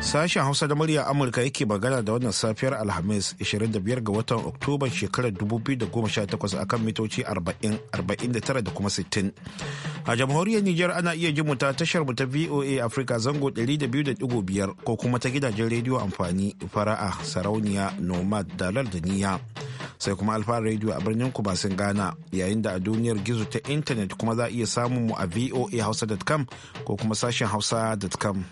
Sashen Hausa da murya Amurka yake magana da wannan safiyar Alhamis 25 ga watan Oktoban shekarar 2018 akan mitoci 49 da kuma 60. A jamhuriyar Nijar ana iya jin ta tashar mu ta VOA Africa zango 200.5 ko kuma ta gidajen rediyo amfani fara'a sarauniya nomad dalar da niya. Sai kuma alfahar rediyo a birnin kubasin Ghana yayin da a duniyar gizo ta intanet kuma za a iya samun mu a voa voahausa.com ko kuma sashen hausa.com.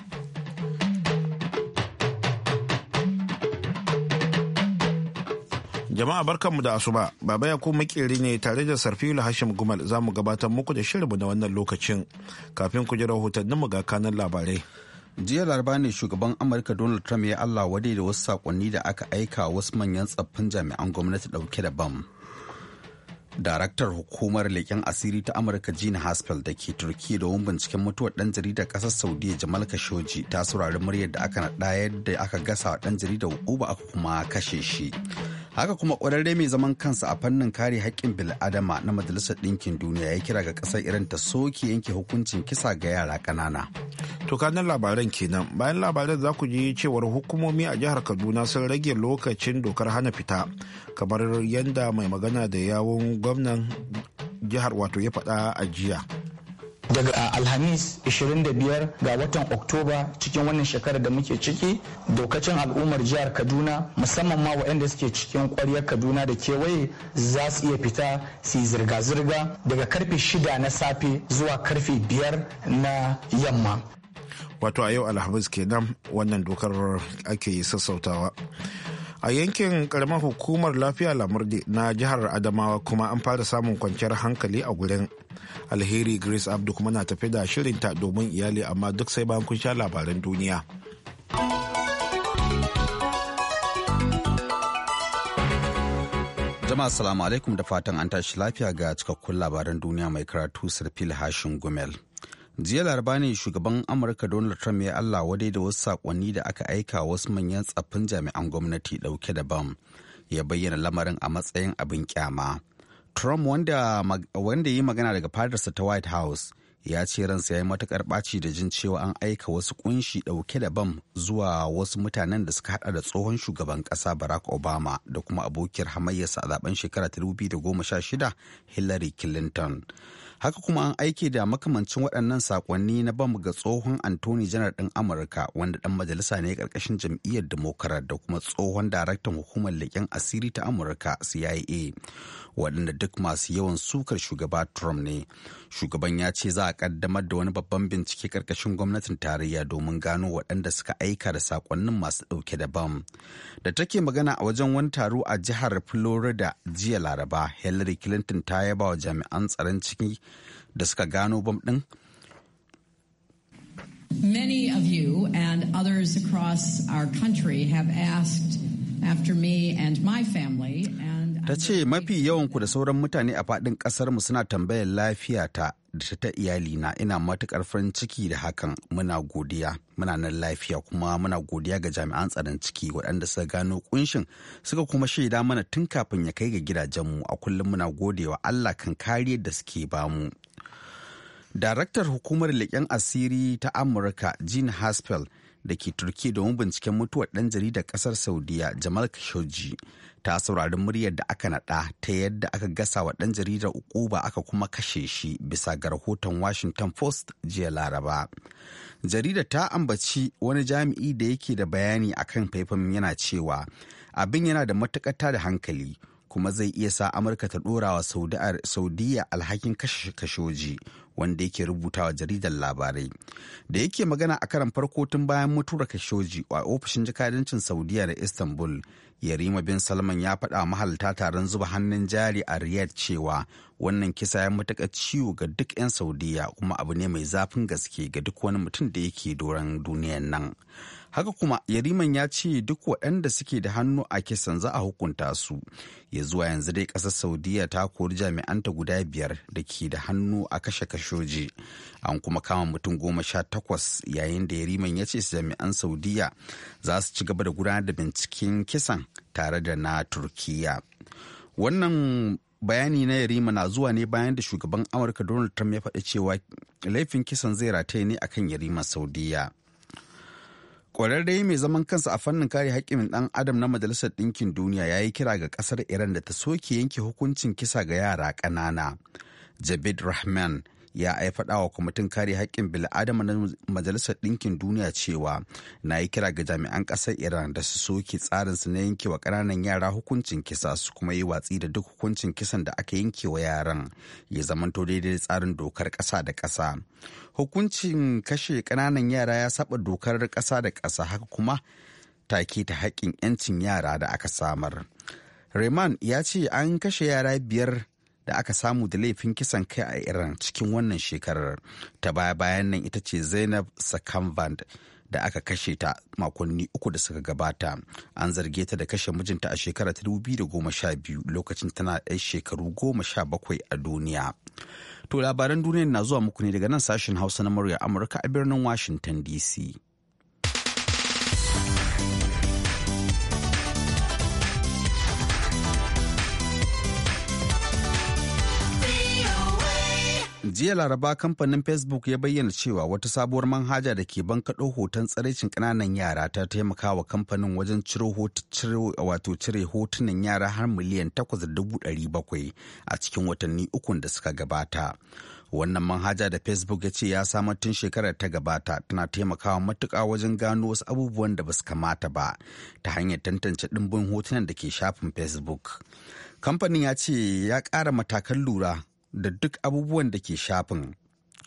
Jama'a barkanmu da asuba, Baba Yakub makeri ne tare da Sarfilu Hashim Gumal za mu gabatar muku da shirinmu na wannan lokacin kafin ku ji mu ga kanan labarai. Jiya laraba ne shugaban Amurka Donald Trump ya Allah wadai da wasu sakonni da aka aika wasu manyan tsaffin jami'an gwamnati ɗauke da bam. Daraktar hukumar leƙen asiri ta Amurka jini Haspel da ke da domin binciken mutuwar ɗan jarida ƙasar Saudiya Jamal Khashoggi ta saurari muryar da aka naɗa yadda aka gasa ɗan jarida uba aka kuma kashe shi. haka kuma kwararre mai zaman kansa a fannin kare haƙƙin bil'adama na majalisar ɗinkin duniya ya kira ga ƙasar iran ta soke yanke hukuncin kisa ga yara ƙanana to kanan labaran kenan bayan labaran za ku ji cewar hukumomi a jihar kaduna sun rage lokacin dokar hana fita kamar yadda mai magana da yawon gwamnan jihar wato ya faɗa a jiya daga alhamis 25 ga watan oktoba cikin wannan shekarar da muke ciki dokacin al'ummar jihar kaduna musamman ma waɗanda suke cikin ƙwaryar kaduna da kewaye za su iya fita su zirga-zirga daga karfe 6 na safe zuwa karfe 5 na yamma wato a yau alhamis kenan wannan dokar ake sassautawa a yankin karamar hukumar lafiya lamurdi na jihar adamawa kuma an fara samun kwanciyar hankali a gurin alheri grace abdu kuma na tafi da shirinta domin iyali amma duk sai bayan kun sha labaran duniya jama'a salamu alaikum da fatan an tashi lafiya ga cikakkun labaran duniya mai karatu sirfil hashin gumel jiya laraba ne shugaban amurka donald trump ya allah wadai da wasu sakonni da aka aika wasu manyan tsaffin jami'an gwamnati dauke da bam ya bayyana lamarin a matsayin abin kyama trump wanda ya yi magana daga fadarsa ta white house ya ce ransa ya yi matukar ɓaci da jin cewa an aika wasu ƙunshi dauke da bam zuwa wasu mutanen da suka hada da tsohon shugaban ƙasa barack obama da kuma abokiyar hamayyarsa a zaben shekara 2016 hillary clinton haka kuma an aike da makamancin waɗannan sakonni na bam ga tsohon antony janar ɗin amurka wanda ɗan majalisa ne ƙarƙashin jam'iyyar democrat da kuma tsohon daraktan hukumar leƙen asiri ta amurka cia waɗanda duk masu yawan sukar shugaba trump ne shugaban ya ce za a ƙaddamar da wani babban bincike ƙarƙashin gwamnatin tarayya domin gano waɗanda suka aika da sakonnin masu ɗauke da bam da take magana a wajen wani taro a jihar florida jiya laraba hillary clinton ta yaba wa jami'an tsaron ciki da suka gano bom Many of you and others across our country have asked after me and my family. And ta ce mafi yawanku da sauran mutane a faɗin ƙasarmu suna tambayar lafiyata da ta ta iyalina ina matuƙar farin ciki da hakan muna godiya muna nan lafiya kuma muna godiya ga jami'an tsaron ciki waɗanda suka gano kunshin suka kuma shaida mana tun kafin ya kai ga gidajenmu a kullum muna godewa Allah kan kariyar da suke bamu. Daraktar hukumar leƙen asiri ta Amurka Jean Haspel da ke turki domin binciken mutuwar ɗan jaridar ƙasar saudiya jamal khashoggi ta saurari muryar da aka naɗa ta yadda aka gasa wa ɗan jaridar ukuba aka kuma kashe shi bisa ga rahoton washington post jiya laraba jarida ta ambaci wani jami'i da yake da bayani akan faifan yana cewa abin yana da matukata da hankali kuma zai iya sa amurka ta ɗora wa saudiya alhakin kashe kashoji wanda yake wa jaridar labarai da yake magana a karan farko tun bayan mutuwar kashoji a ofishin jakadancin saudiya da istanbul yarima bin salman ya faɗa mahalta taron zuba hannun jari a riyadh cewa wannan kisa ya matuƙa ciwo ga duk 'yan saudiya kuma abu ne mai zafin gaske ga duk wani mutum da yake doron duniyar nan haka kuma yariman ya ce duk waɗanda suke da hannu a kisan za a hukunta su ya zuwa yanzu dai ƙasar saudiya ta kori jami'anta guda biyar da ke da hannu a kashe kashe Khashoggi. An kuma kama mutum goma sha takwas yayin da yariman ya ce jami'an Saudiya za su ci gaba da gudanar da binciken kisan tare da na Turkiya. Wannan bayani na yarima na zuwa ne bayan da shugaban amurka donald trump ya faɗi cewa laifin kisan zai rataye ne akan yarima saudiya kwararre mai zaman kansa a fannin kare haƙƙin ɗan adam na majalisar ɗinkin duniya ya yi kira ga ƙasar iran da ta soke yanke hukuncin kisa ga yara ƙanana jabid rahman ya faɗa wa kwamitin kare haƙƙin bil'adama na majalisar ɗinkin duniya cewa na yi kira ga jami'an ƙasar iran da su soke tsarin su na yanke wa ƙananan yara hukuncin kisa su kuma yi watsi da duk hukuncin kisan da aka yanke wa yaran ya zamanto daidai tsarin dokar ƙasa da ƙasa hukuncin kashe ƙananan yara ya saba dokar ƙasa da ƙasa haka kuma take ta haƙƙin 'yancin yara da aka samar. Rayman ya ce an kashe yara biyar da aka samu da laifin kisan kai a iran cikin wannan shekarar ta baya bayan nan ita ce zainab sakamband da aka kashe ta makonni uku da suka gabata an zarge ta da kashe mijinta a shekara ta sha biyu lokacin tana yan shekaru goma sha bakwai a duniya to labaran duniya na zuwa muku ne daga nan sashen hausa na murya amurka a birnin washington dc jiya laraba kamfanin facebook ya bayyana cewa wata sabuwar manhaja da ke bankaɗo hoton tsaraicin ƙananan yara ta taimaka wa kamfanin wajen cire hotunan yara har miliyan 8,700 a cikin watanni ukun da suka gabata wannan manhaja da facebook ya ce ya samar tun shekarar ta gabata tana taimakawa matuƙa wajen gano wasu abubuwan da ba su kamata ba ta hanyar tantance ɗimbin hotunan da ke shafin facebook kamfanin ya ce ya ƙara matakan lura da duk abubuwan da ke shafin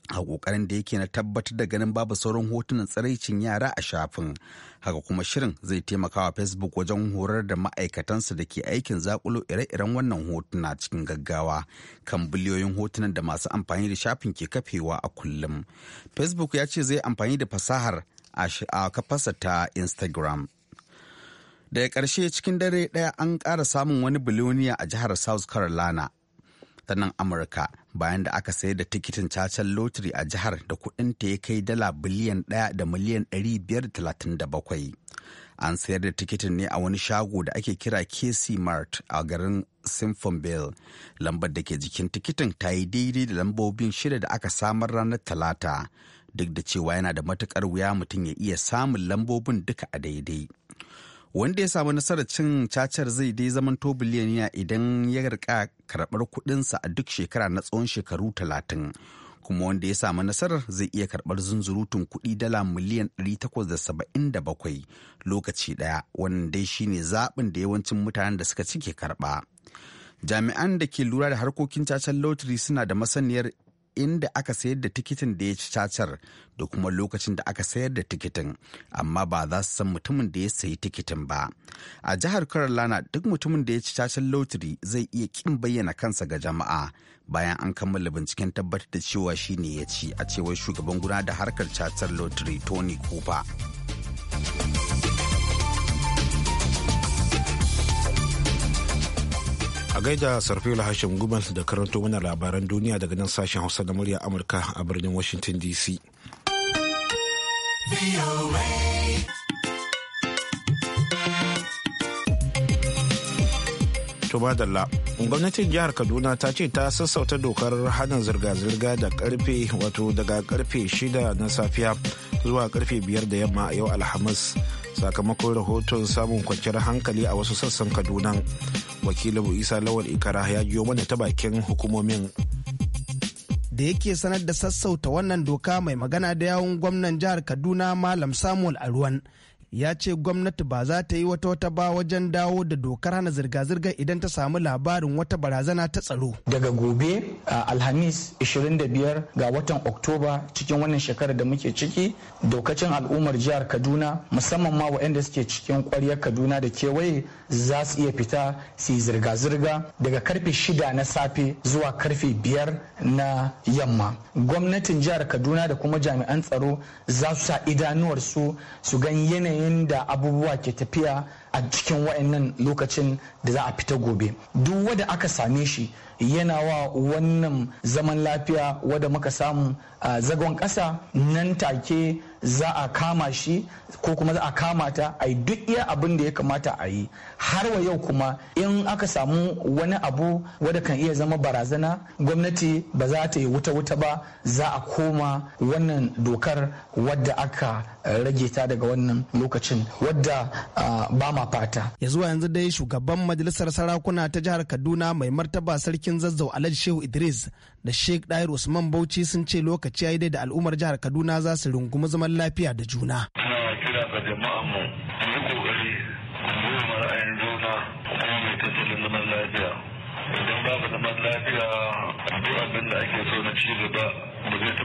a kokarin da yake na tabbatar da ganin babu sauran hotunan tsiraicin yara a shafin haka kuma shirin zai taimaka wa facebook wajen horar da ma'aikatansa da ke aikin zakulo ire-iren wannan hotuna cikin gaggawa kan biliyoyin hotunan da masu amfani da shafin ke kafewa a kullum facebook ya ce zai amfani da fasahar a kafasa ta instagram daga ƙarshe cikin dare ɗaya an ƙara samun wani biloniya a jihar south carolina ta nan Amurka bayan da aka sayar da tikitin cacen lotiri a jihar da ta ya kai dala biliyan ɗaya da miliyan ɗari biyar da talatin da bakwai. An sayar da tikitin ne a wani shago da ake kira KC Mart a garin Simfonville. Lambar da ke jikin tikitin ta yi daidai da lambobin shida da aka samar ranar Talata. Duk da cewa yana da matukar wuya mutum ya iya samun lambobin duka a daidai. wanda ya samu nasarar cin cacar zai dai zamanto biliyaniya idan ya rika karɓar kuɗinsa a duk shekara na tsawon shekaru talatin kuma wanda ya samu nasarar zai iya karɓar zunzurutun kuɗi dala miliyan 877 lokaci ɗaya wannan dai shine zaɓin da yawancin mutanen da suka cike karɓa jami'an da ke lura da harkokin cacar lotri suna da masaniyar inda aka sayar da tikitin da ya ci cacar da kuma lokacin da aka sayar da tikitin amma ba za su san mutumin da ya sayi tikitin ba a jihar na duk mutumin da ya ci cacar lotiri zai iya kin bayyana kansa ga jama'a bayan an kammala binciken tabbatar da cewa shi ne ya ci a cewar shugaban gudanar da harkar cacar lotiri tony cooper a gaida sarfila hashim gumal da karanto mana labaran duniya daga nan sashen hausa na murya amurka a birnin washington dc tubadalla gwamnatin jihar kaduna ta ce ta sassauta dokar hana zirga-zirga da karfe wato daga karfe shida na safiya zuwa karfe biyar da yamma yau alhamis sakamakon rahoton samun kwanciyar hankali a wasu sassan kaduna wakilin isa lawal ikara ya jiyo mana ta bakin hukumomin da yake sanar da sassauta wannan doka mai magana da yawun gwamnan jihar kaduna malam samuel aruwan ya ce gwamnati ba za ta yi wata wata ba wajen dawo da dokar hana zirga-zirga idan ta samu labarin wata barazana ta tsaro. Daga gobe a Alhamis 25 ga watan Oktoba cikin wannan shekarar da muke ciki dokacin al'ummar jihar Kaduna musamman ma waɗanda suke cikin ƙwaryar Kaduna da kewaye za su iya fita su yi zirga-zirga daga karfe shida na safe zuwa karfe biyar na yamma. Gwamnatin jihar Kaduna da kuma jami'an tsaro za su sa idanuwarsu su gan yanayin yanayin da abubuwa ke tafiya a cikin wa'annan lokacin da za a fita gobe duk wanda aka same shi yana wa wannan zaman lafiya wadda muka samu a zagon ƙasa nan take za a kama shi ko kuma za a kama ta a yi duk iya abin da ya kamata a yi har wa yau kuma in aka samu wani abu wadda kan iya zama barazana gwamnati ba za ta yi wuta-wuta ba za a koma wannan dokar wadda aka rage ta daga wannan lokacin wadda ba ma fata ya zuwa yanzu dai shugaban majalisar sarakuna ta jihar kaduna mai martaba sarki sarkin zazzau alhaji shehu idris da sheikh dair usman bauchi sun ce lokaci ya yi dai da al'ummar jihar kaduna za su rungumi zaman lafiya da juna. kira ga ra'ayin juna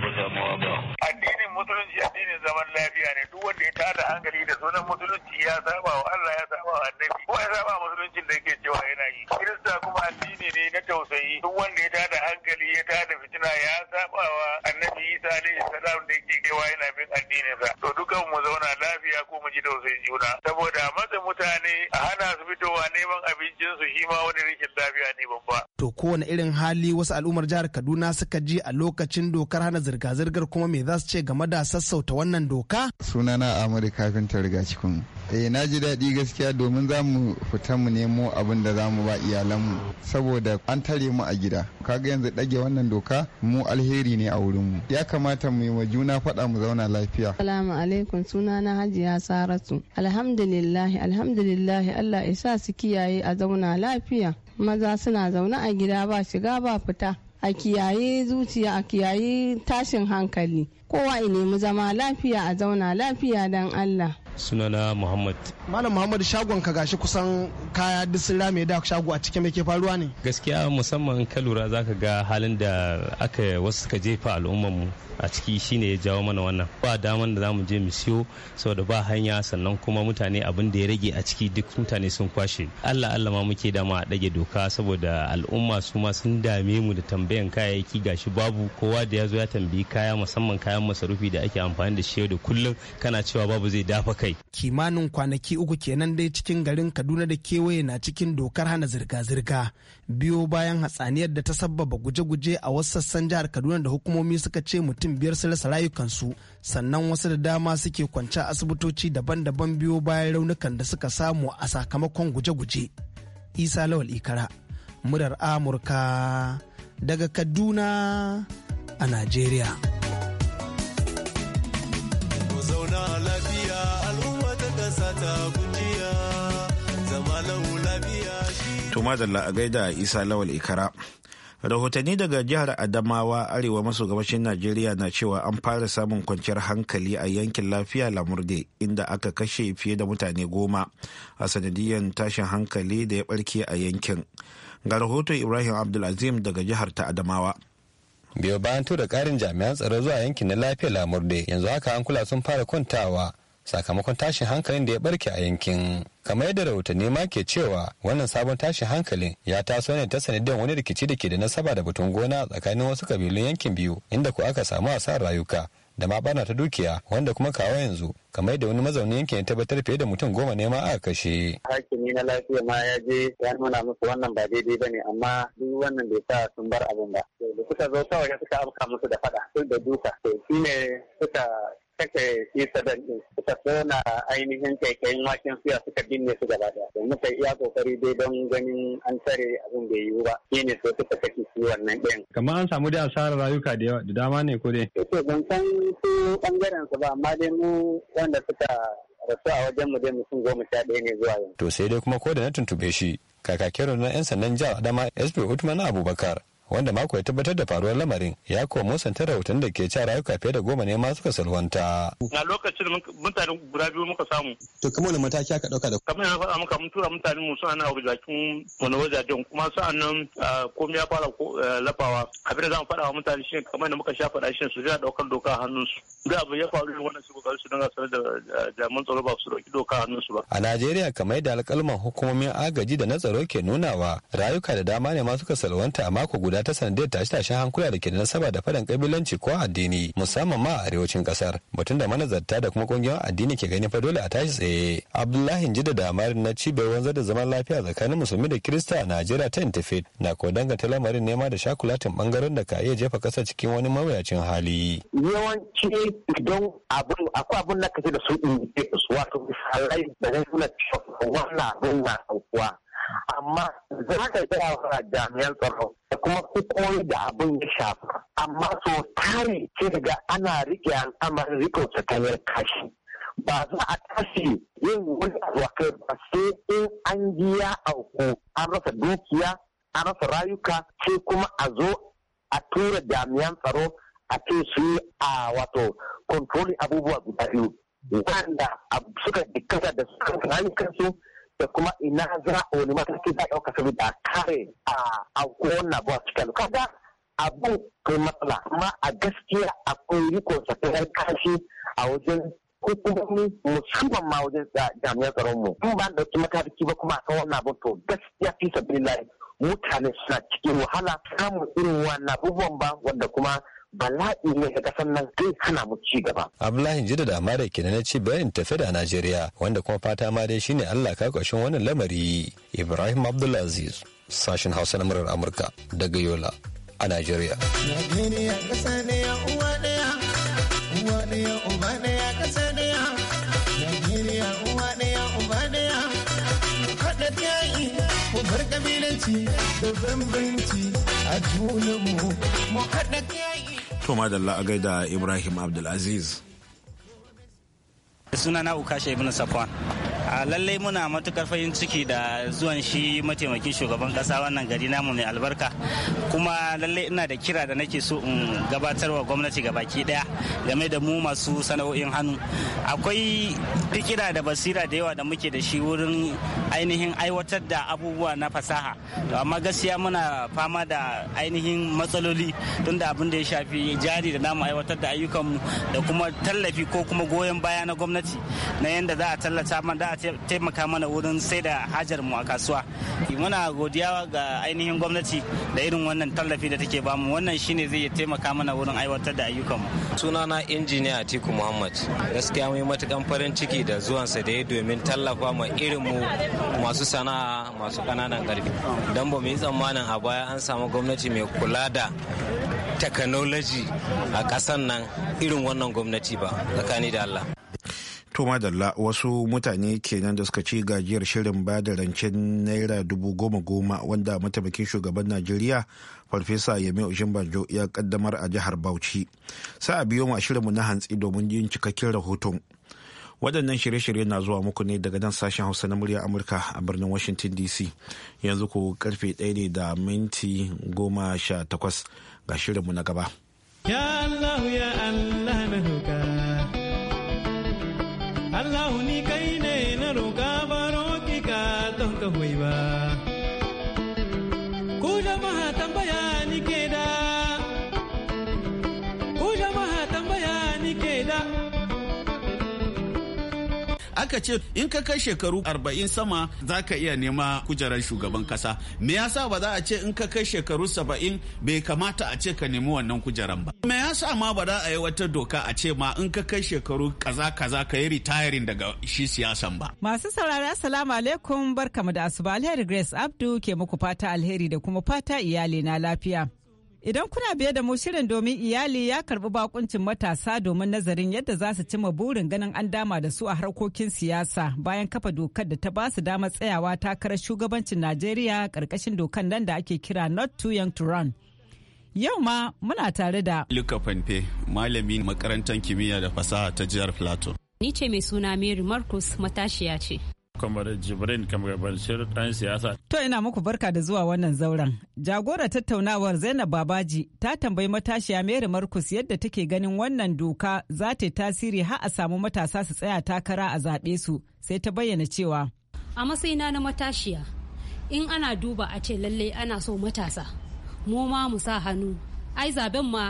kuma ba addinin musulunci addinin zaman lafiya ne duk wanda ya tada hankali da sunan musulunci ya saba wa Allah ya wa annabi ko ya musuluncin da yake cewa yana yi kirista kuma addini ne na tausayi duk wanda ya tada hankali ya tada fitina ya sabawa annabi isa alaihi salam da yake cewa yana addinin sa to dukan mu zauna lafiya ko mu ji dausayin juna saboda matsa mutane a hana su fitowa neman abincinsu su shi ma wani rikin lafiya ne babba to kowane irin hali wasu al'ummar jihar Kaduna suka ji a lokacin dokar hana zirga-zirgar kuma me za su ce game da sassauta wannan doka sunana Amadu Kafinta riga cikin eh na ji daɗi gaskiya domin za mu fita mu nemo abin da za mu ba iyalanmu saboda an tare mu a gida kaga yanzu ɗage wannan doka mu alheri ne a wurinmu ya kamata mu yi wa juna faɗa mu zauna lafiya lafiya. Salamu alaikum sunana Hajiya Saratu. Alhamdulillahi alhamdulillahi Allah isa su kiyaye a zauna lafiya. Maza suna zaune a gida ba shiga ba fita. A kiyaye zuciya a kiyaye tashin hankali. Kowa ya nemi zama lafiya a zauna lafiya dan Allah. sunana muhammad malam muhammad shagon ka gashi kusan kaya duk sun rame da shago a cikin ke faruwa ne gaskiya musamman ka lura zaka ga halin da aka wasu suka jefa al'ummar mu a ciki shine ya jawo mana wannan ba daman da zamu je mu siyo saboda ba hanya sannan kuma mutane abin da ya rage a ciki duk mutane sun kwashe Allah Allah ma muke dama a dage doka saboda al'umma su ma sun dame mu da tambayan kayayyaki gashi babu kowa da ya zo ya tambayi kaya musamman kayan masarufi da ake amfani da shi da kullum kana cewa babu zai dafa kai. Kimanin kwanaki uku kenan dai cikin garin Kaduna da kewaye na cikin dokar hana zirga-zirga. Biyo bayan hatsaniyar da ta sabbaba guje-guje a wasu sassan jihar Kaduna da hukumomi suka ce mutum biyar su rasa rayukansu. Sannan wasu da dama suke kwance asibitoci daban-daban biyo bayan raunukan da suka samu a sakamakon guje-guje. Isa Lawal Ikara, murar Amurka daga Kaduna a Najeriya. To madalla a gaida Isa Lawal Ikara. Rahotanni daga jihar Adamawa arewa maso gabashin Najeriya na cewa an fara samun kwanciyar hankali a yankin lafiya Lamurde inda aka kashe fiye da mutane goma a sanadiyyar tashin hankali da ya barke a yankin. Ga rahoto Ibrahim Abdulazim daga jihar ta Adamawa. Biyo bayan tura karin jami'an tsaro zuwa yankin na lafiya Lamurde yanzu haka hankula sun fara kwantawa sakamakon tashin hankalin da ya barke a yankin kamar yadda rahotanni ma ke cewa wannan sabon tashin hankalin ya taso ne ta sanadin wani rikici da ke da nasaba da batun gona tsakanin wasu kabilun yankin biyu inda ku aka samu asarar rayuka da ma bana ta dukiya wanda kuma kawo yanzu kamar yadda wani mazaunin yankin ya tabbatar fiye da mutum goma ne ma aka kashe. Hakimi na lafiya ma ya je ya nuna musu wannan ba daidai ba ne amma duk wannan bai sa sun bar abin ba. Da suka zo kawai suka amsa musu da fada duk da duka. To shi ne suka kake shi da din suka tona ainihin kaikayin waken suya suka binne su gaba daya domin muka iya kokari dai don ganin an tare abin bai yiwu ba shi ne so suka kashe su wannan ɗin. kamar an samu da asarar rayuka da yawa da dama ne ko dai eh to ban san su bangaren su ba amma dai mu wanda suka rasu a wajen mu dai mutum goma sha ɗaya ne zuwa yanzu to sai dai kuma ko da na tuntube shi kakakin rundunar 'yan sandan jihar adama sb utman abubakar wanda mako ya tabbatar da faruwar lamarin ya kuwa musanta rahoton da ke cewa rayuka fiye da goma ne ma suka salwanta. na lokacin mutane guda biyu muka samu. to kuma wani mataki aka dauka da. kamar yana faɗa muka mun tura mutane mu suna na bakin wani wajajen kuma sa'an nan komai ya fara eh, lafawa abin da zamu faɗa wa mutane shi kamar da muka sha faɗa shi su jira daukar doka a hannunsu. da abu ya faru wannan su kokarin su dinga sanar da jami'an tsaro ba su dauki doka a hannunsu ba. a najeriya kamar da alƙalman hukumomin agaji da na tsaro ke nunawa rayuka da dama ne ma suka salwanta a mako guda guda ta sanadiyar tashe-tashen hankula da ke da nasaba da fadan kabilanci ko addini musamman ma a arewacin kasar batun da manazarta da kuma kungiyoyin addini ke ganin fa dole a tashi tsaye abdullahi jida da na cibiyar wanzar da zaman lafiya tsakanin musulmi da kirista a najeriya ta intifit na ko danganta lamarin nema da shakulatin bangaren da ka iya jefa kasa cikin wani mawuyacin hali yawanci idan abin akwai abin da da su in wato misalai da zai nuna cewa wannan na aukuwa amma za ka gaya wa jami'an tsaro da kuma hukumomi da abin ya shafa amma so tare ke daga ana rike al'amarin riko ta tayar kashi ba za a tashi yin wani kai ba sai in an biya auku an rasa dukiya an rasa rayuka sai kuma a zo a tura jami'an tsaro a ce su a wato kontroli abubuwa guda biyu wanda suka dikata da suka rayukansu da kuma ina za a wani mataki za a ɗauka saboda kare a gona ba cikin kaga abin kai matsala amma a gaskiya akwai riko tsakanin kashi a wajen hukumomi musamman ma wajen jami'an tsaron mu in ba da mataki ba kuma akan wannan abin to gaskiya fi sabilillahi mutane suna cikin wahala samun irin wannan abubuwan ba wanda kuma bala'i ne ga kasar nan kai hana mu ci gaba. Abdullahi Jida da Amare kenan na ci bayan tafi da Najeriya wanda kuma fata ma dai shine Allah ka kwashin wannan lamari. Ibrahim Abdulaziz sashen Hausa na murar Amurka daga Yola a Najeriya. Ku bar kabilanci da bambanci a junanmu mu haɗa To madalla a gaida Ibrahim Abdulaziz. Sunana Ukasha Ibn Safwan. a lallai muna matukar farin ciki da zuwan shi mataimakin shugaban kasa wannan gari namu mai albarka kuma lallai ina da kira da nake so in gabatarwa gwamnati gabaki daya game da mu masu sana'o'in hannu akwai fikira da basira da yawa da muke da shi wurin ainihin aiwatar da abubuwa na fasaha amma gaskiya muna fama da ainihin matsaloli tunda abin da ya shafi jari da namu aiwatar da ayyukanmu da kuma tallafi ko kuma goyon baya na gwamnati na yadda za a tallata taimaka mana wurin sai da hajar mu a kasuwa muna godiya ga ainihin gwamnati da irin wannan tallafi da take bamu wannan shine zai taimaka mana wurin aiwatar da ayyukan ayyukanmu sunana injiniya atiku muhammad gaskiya mun yi matukan farin ciki da zuwansa da ya domin tallafa ma irin mu masu sana'a masu kananan karfi dan ba mu yi tsammanin a baya an samu gwamnati mai kula da takanoloji a kasan nan irin wannan gwamnati ba tsakani da allah to madalla wasu mutane kenan da suka ci gajiyar shirin ba da rancen naira dubu goma goma wanda mataimakin shugaban najeriya farfesa yami banjo ya kaddamar a jihar bauchi sai a biyo ma shirinmu na hantsi domin yin cikakken rahoton waɗannan shirye-shirye na zuwa muku ne daga nan sashen hausa na murya amurka a birnin washington dc yanzu ko karfe daya ne da minti goma sha takwas ga shirinmu na gaba ya allah ya allah na Allah ni kai ne na roƙa baro ki ka don ka ba. aka ce in ka kai shekaru arba'in sama za ka iya nema kujerar shugaban kasa me yasa ba za a ce in ka kai shekaru saba'in bai kamata a ce ka nemi wannan kujeran ba me yasa ma ba za a yi wata doka a ce ma in ka kai shekaru kaza kaza ka yi ritayarin daga shi siyasan ba masu saurara assalamu alaikum barkamu da asuba alheri grace abdu ke muku fata alheri da kuma fata iyali na lafiya Idan kuna biye da mu shirin domin iyali ya karbi bakuncin matasa domin nazarin yadda za su cima burin ganin an dama da su a harkokin siyasa bayan kafa dokar da ta ba su damar tsayawa takarar shugabancin Najeriya karkashin dokar nan da ake kira Not Too Young to Run. Yau ma muna tare da Luka Fanfe, malamin makarantar kimiyya da fasaha ta jihar Plateau. Ni ce mai suna Mary Marcus matashiya ce. kamar jibrin kamar dan siyasa. To ina muku barka da zuwa wannan zauren. Jagora tattaunawar Zainab Babaji ta tambayi matashiya Mary Marcus yadda take ganin wannan doka za ta tasiri har a samu matasa su tsaya takara a zaɓe su sai ta bayyana cewa. A matsayina na matashiya in ana duba a ce lallai ana so matasa mu ma mu sa hannu ai zaben ma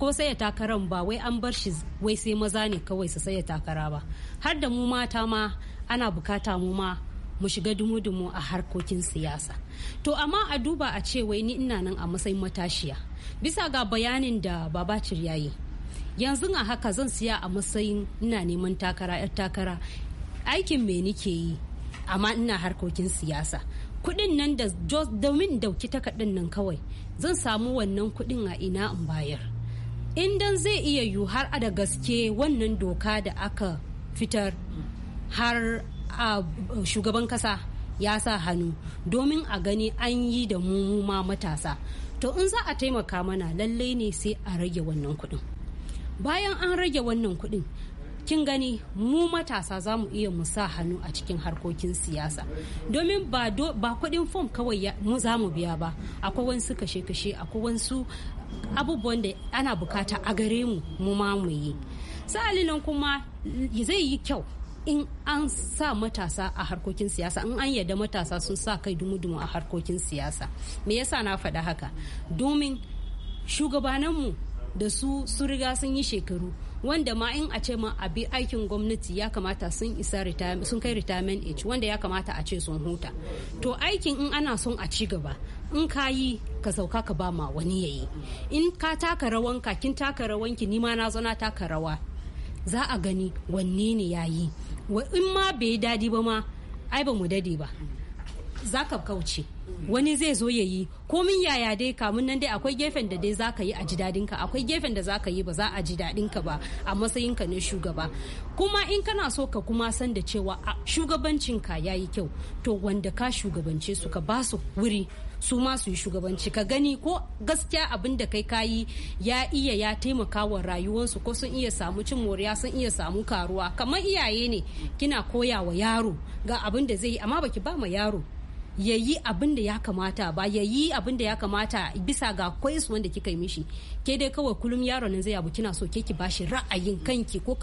ko saya takaran ba wai an bar shi wai sai maza ne kawai su saya takara ba har da mu mata ma ana bukata mu ma mu shiga dumu-dumu a harkokin siyasa to amma a duba a ce wai ni ina nan a matsayin matashiya bisa ga bayanin da babacir yi yanzu a haka zan siya a matsayin ina neman takara yar takara aikin me nike yi amma ina harkokin siyasa kudin nan da domin dauki takardun nan kawai zan samu wannan kudin a ina in bayar in dan zai iya yiwu har a da gaske wannan doka da aka fitar har shugaban kasa ya sa hannu domin a gani an yi da mu ma matasa to in za a taimaka mana lallai ne sai a rage wannan kuɗin bayan an rage wannan kuɗin kin gani mu matasa za mu iya mu sa hannu a cikin harkokin siyasa domin ba, do, kuɗin fom kawai mu za mu biya ba akwai wasu kashe-kashe akwai wasu abubuwan da ana bukata a gare mu mu ma mu yi sa'alinan kuma zai yi kyau in an sa matasa a harkokin siyasa in an yadda matasa sun sa kai dumu-dumu a harkokin siyasa me yasa na faɗa haka domin shugabananmu da su su riga sun yi shekaru wanda ma in a ce ma a bi aikin gwamnati ya kamata sun isa sun kai retirement age wanda ya kamata a ce sun huta to aikin in ana son a ci gaba in ka yi ka sauka ka ba ma wani yi in ka taka rawanka kin taka rawanki nima na zo na taka rawa za a gani wanne ne ya yi. in ma bai dadi ba ma ai ba mu dade ba za ka kauce wani zai zo ya yi komin yaya dai kamun nan dai akwai gefen da dai zaka yi a ji dadinka akwai gefen da zaka yi ba za a ji ka ba a matsayinka na shugaba kuma in kana so ka kuma san da cewa shugabancinka ya yi kyau to wanda ka shugabance su ka ba su wuri su ma su yi shugabanci ka gani ko gaskiya abin da kai kayi ya iya ya taimaka wa rayuwarsu ko sun iya samu cin moriya sun iya samu karuwa kamar iyaye ne kina koya wa yaro ga abin da zai yi amma baki ba ma yaro ya yi abin da ya kamata ba ya yi abin da ya kamata bisa ga kwais wanda kika yi mishi ke dai kawai kullum yaron nan zai abu kina so ke ki bashi ra'ayin kanki ko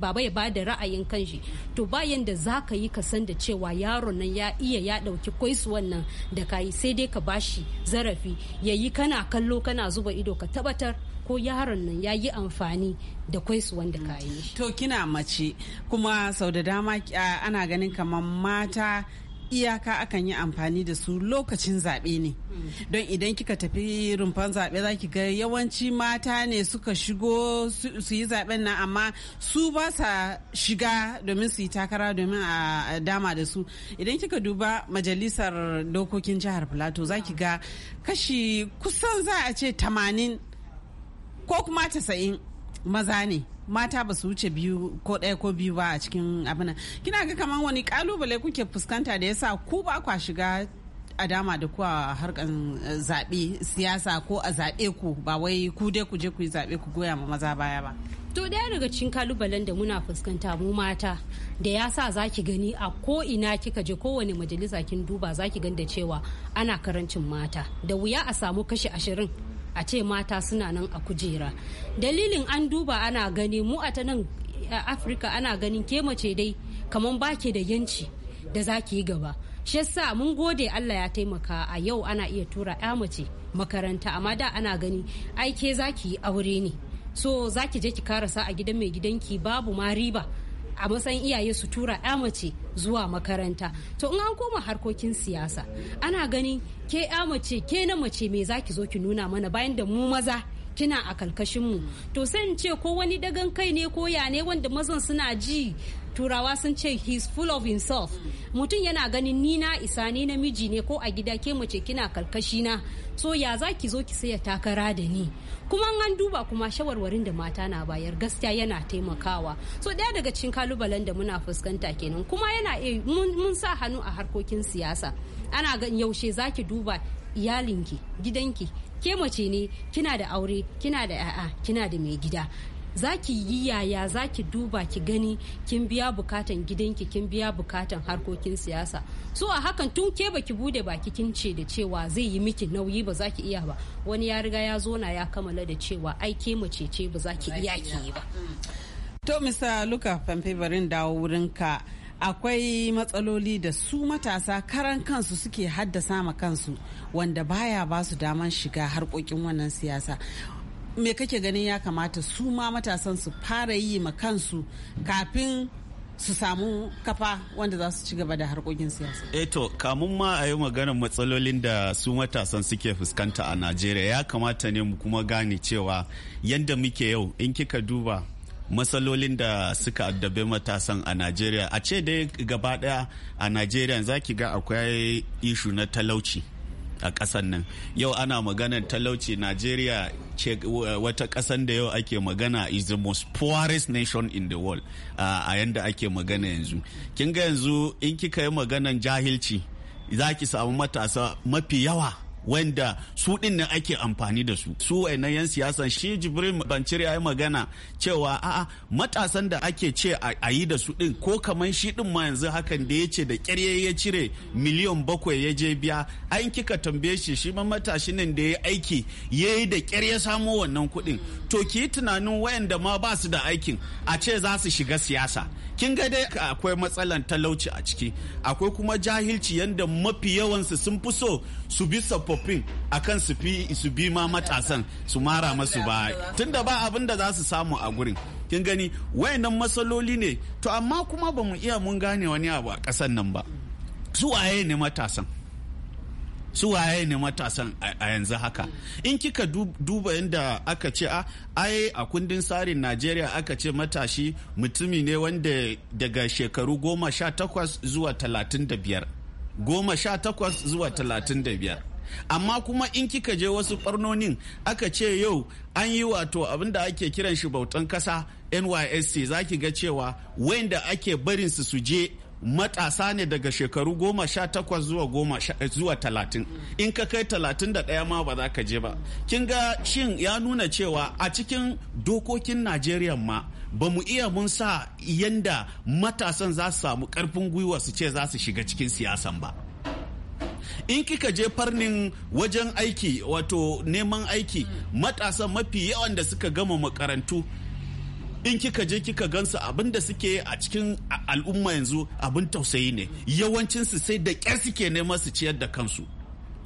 baba ya bada ra'ayin kanshi to bayan da za ka yi ka san da cewa yaron nan ya iya ya dauki kwais wannan da ka yi sai dai ka bashi zarafi ya yi kana kallo kana zuba ido ka tabbatar ko yaron nan ya yi amfani da kwaisu wanda ka yi. To kina mace kuma sau da dama ana ganin kamar mata iyaka akan yi amfani da su lokacin zaɓe ne don idan kika tafi rumfan zaɓe za ki ga yawanci mata ne suka shigo su yi zaɓen nan amma su ba sa shiga domin su yi takara domin a dama da su idan kika duba majalisar dokokin jihar plateau za ki ga kashi kusan za a ce 80 ko kuma 90 maza ne mata ba su wuce biyu ko ɗaya ko biyu ba a cikin abin kina ga kamar wani kalubale kuke fuskanta da yasa ku ba kwa shiga a dama da ku a harkan eh, zaɓe siyasa ko a zaɓe ku ba wai ku dai ku je ku yi zaɓe ku goya ma maza baya ba. To ɗaya daga cikin kalubalen da muna fuskanta mu mata da ya sa za ki gani a ko ina kika je kowane majalisa kin duba za ki gani da cewa ana karancin mata da wuya a samu kashi ashirin a ce mata suna nan a kujera dalilin an duba ana gani mu a ta nan afirka ana ganin ke mace dai kamar ba ke da yanci da za ki yi gaba shi sa mun gode allah ya taimaka a yau ana iya tura ya mace makaranta amma da ana gani aike ke za ki yi aure ne so za ki je ki karasa a gidan mai gidanki babu ma riba a matsayin iyaye su tura ya mace zuwa makaranta to in an koma harkokin siyasa ana ganin ke ya mace ke na mace me zaki zo ki nuna mana bayan da mu maza fitina a kalkashinmu to sai in ce ko wani dagan kai ne ko ya ne wanda mazan suna ji turawa sun ce he's full of himself mutum yana ganin ni na isa ni namiji ne ko a gida ke mace kina kalkashi na so ya za ki zo ki saya takara da ni kuma an duba kuma shawarwarin da mata na bayar gaskiya yana taimakawa so daya daga cikin kalubalen da muna fuskanta kenan kuma yana eh, mun sa hannu a harkokin siyasa ana yaushe za ki duba iyalinki gidanki ke mace ne kina da aure kina da 'ya'ya kina da mai gida za ki yi yaya za ki duba ki gani kin biya bukatan gidanki kin biya bukatan harkokin siyasa so a hakan tun ke baki bude baki kin ce da cewa zai yi miki nauyi ba za ki iya ba wani ya riga ya zo na ya kammala da cewa ai ke mace ce ba za ki iya ki yi ba to misa luka fanfe barin dawo wurinka ka akwai matsaloli da su matasa karan kansu suke haddasa ma kansu wanda baya ba su daman shiga harkokin wannan siyasa me kake ganin ya kamata su ma matasan su fara yi ma kansu kafin su samu kafa wanda za su ci gaba da harkokin siyasa. Eto, eh kamun ma a yi maganar matsalolin da su matasan suke fuskanta a Najeriya ya kamata ne mu kuma gane cewa yadda muke yau in kika duba matsalolin da suka addabe matasan a najeriya a ce dai gaba daya a najeriya za ki ga akwai ishu na talauci a ƙasan nan yau ana maganar talauci najeriya ce wata ƙasan da yau ake magana is the most poorest nation in the world a yanda ake magana yanzu kin ga yanzu in kika yi maganar jahilci za ki samu matasa mafi yawa wanda su din nan ake amfani da su su wayannan yan siyasa shi jibril bancir ya yi magana cewa a'a matasan da ake ce a yi da su din ko kaman shi din ma yanzu hakan da ya ce da kyarye ya cire miliyan bakwai ya je biya an kika tambaye shi shi ma matashi nan da ya aiki ya yi da kyarye samo wannan kuɗin to ki yi tunanin wayanda ma ba su da aikin a ce za su shiga siyasa kin ga dai akwai matsalan talauci a ciki akwai kuma jahilci yanda mafi yawansu sun fi so su bi sabbin a akan su fi su bi ma matasan su mara masu ba tunda ba abin da za su samu a gurin kin gani wayannan matsaloli ne to amma kuma ba mu iya mun gane wani abu a ƙasan nan ba su waye ne matasan su waye ne matasan a yanzu haka in kika duba yadda aka ce a ah, ai a kundin tsarin najeriya aka ce matashi mutumi ne wanda daga shekaru goma sha takwas zuwa talatin da biyar goma sha takwas zuwa talatin da biyar amma kuma in kika je wasu barnonin aka ce yau an yi wato abinda ake kiran shi bautan kasa nysc za ki ga cewa wanda ake barin su su je matasa ne daga shekaru goma sha takwas zuwa goma zuwa talatin in ka kai talatin da ɗaya ma ba za ka je ba kin ga shin ya nuna cewa a cikin dokokin najeriya ma ba mu iya mun sa yanda matasan za su samu karfin gwiwa su ce za su shiga cikin siyasan ba in kika je farnin wajen aiki wato neman aiki matasa mafi yawan da suka gama makarantu in kika je kika gansu abin da suke a cikin al'umma yanzu abin tausayi ne yawancinsu sai da ƙyar suke nema su ciyar da kansu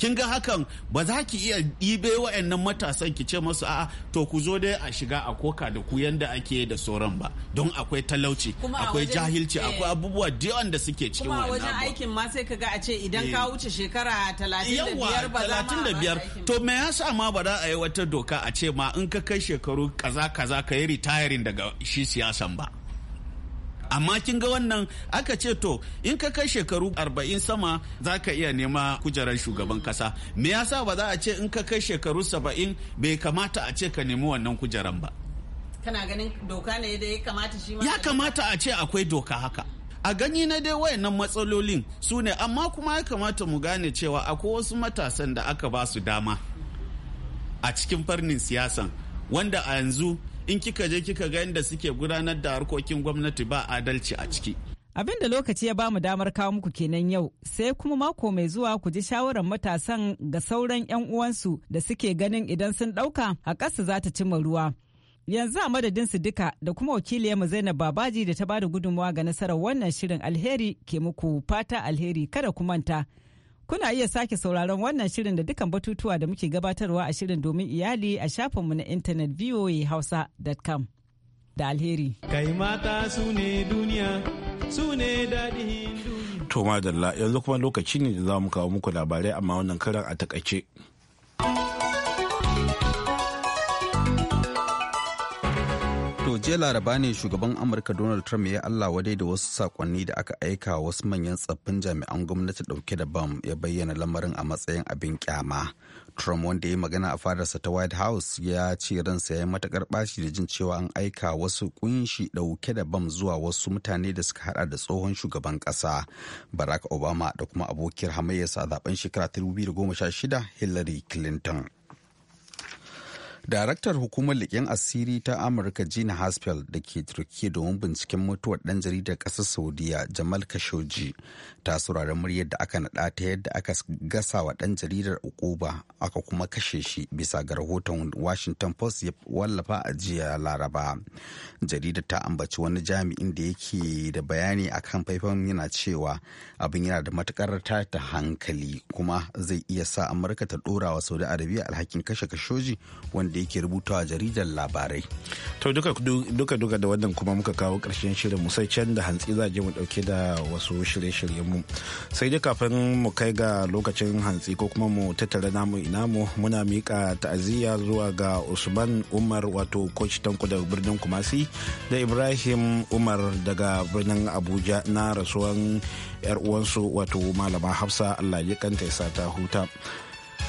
kin ga hakan ba za ki iya ɗibe wa'annan matasan ki ce masu a'a to ku zo dai a shiga a koka da ku yanda ake da sauran ba don akwai talauci akwai jahilci eh. akwai abubuwa da yawan da suke cikin wannan kuma wajen aikin ma sai ka ga a ce idan ka eh. wuce shekara 35 ba za to me yasa ma ba za a yi wata doka a ce ma in ka kai shekaru kaza kaza ka yi ritayarin daga shi siyasan ba amma kin ga wannan aka ce to in ka kai shekaru arba'in sama za ka iya nema kujerar shugaban kasa me yasa ba za a ce in ka kai shekaru saba'in bai kamata a ce ka nemi wannan kujeran ba kana ganin doka ne da ya kamata shi ma ya kamata a ce akwai doka haka a gani na dai wayannan matsalolin su ne amma kuma ya kamata mu gane cewa akwai wasu matasan da aka ba su dama a cikin farnin siyasan wanda a yanzu in kika je kika ga inda suke gudanar da harkokin gwamnati ba adalci a ciki Abin da lokaci ya bamu damar kawo muku kenan yau, sai kuma mako mai zuwa ku ji shawarar matasan ga sauran 'yan uwansu da suke ganin idan sun ɗauka a ƙasa za ta cimma ruwa. Yanzu a madadin su duka da kuma wakili wakiliyarmu Zainab Babaji da ta bada gudunmawa ga nasarar wannan shirin alheri ke muku fata alheri kada ku manta. Kuna iya sake sauraron wannan shirin da dukkan batutuwa da muke gabatarwa a shirin domin iyali a shafinmu na intanet voahausa.com da alheri. Kai mata su ne duniya, su ne daɗin duniya. To yanzu kuma lokaci ne da za mu kawo muku labarai amma wannan karan a takaice. To jiya laraba ne shugaban Amurka Donald Trump ya Allah wadai da wasu sakonni da aka aika wasu manyan tsaffin jami'an gwamnati dauke da bam ya bayyana lamarin a matsayin abin kyama. Trump wanda ya magana a fadarsa ta White House ya ce ransa ya matakar bashi da jin cewa an aika wasu kunshi dauke da bam zuwa wasu mutane da suka hada da tsohon shugaban kasa Barack Obama da kuma abokiyar hamayyarsa a zaben shekara 2016 Hillary Clinton. Daraktar hukumar leƙen asiri ta Amurka Gina Haspel da ke turke domin binciken mutuwar ɗan jaridar ƙasar Saudiya Jamal kashoji ta saurari muryar da aka naɗa ta yadda aka gasa wa ɗan jaridar Ukuba aka kuma kashe shi bisa ga rahoton Washington Post ya wallafa a jiya Laraba. Jaridar ta ambaci wani jami'in da yake da bayani a kan faifan yana cewa abin yana da matukar ta hankali kuma zai iya sa Amurka ta ɗora wa Saudi Arabia alhakin kashe kashoji wanda da yake rubuta a jaridar labarai to duka duka da wannan kuma muka kawo karshen shirin mu sai can da hantsi za je mu ɗauke da wasu shirye-shiryen mu sai dai kafin mu kai ga lokacin hantsi ko kuma mu tattara namu ina mu muna mika ta'aziyya zuwa ga Usman Umar wato coach tanko daga birnin Kumasi da Ibrahim Umar daga birnin Abuja na rasuwan 'yar uwansu wato malama Hafsa Allah ya kanta ya sa ta huta.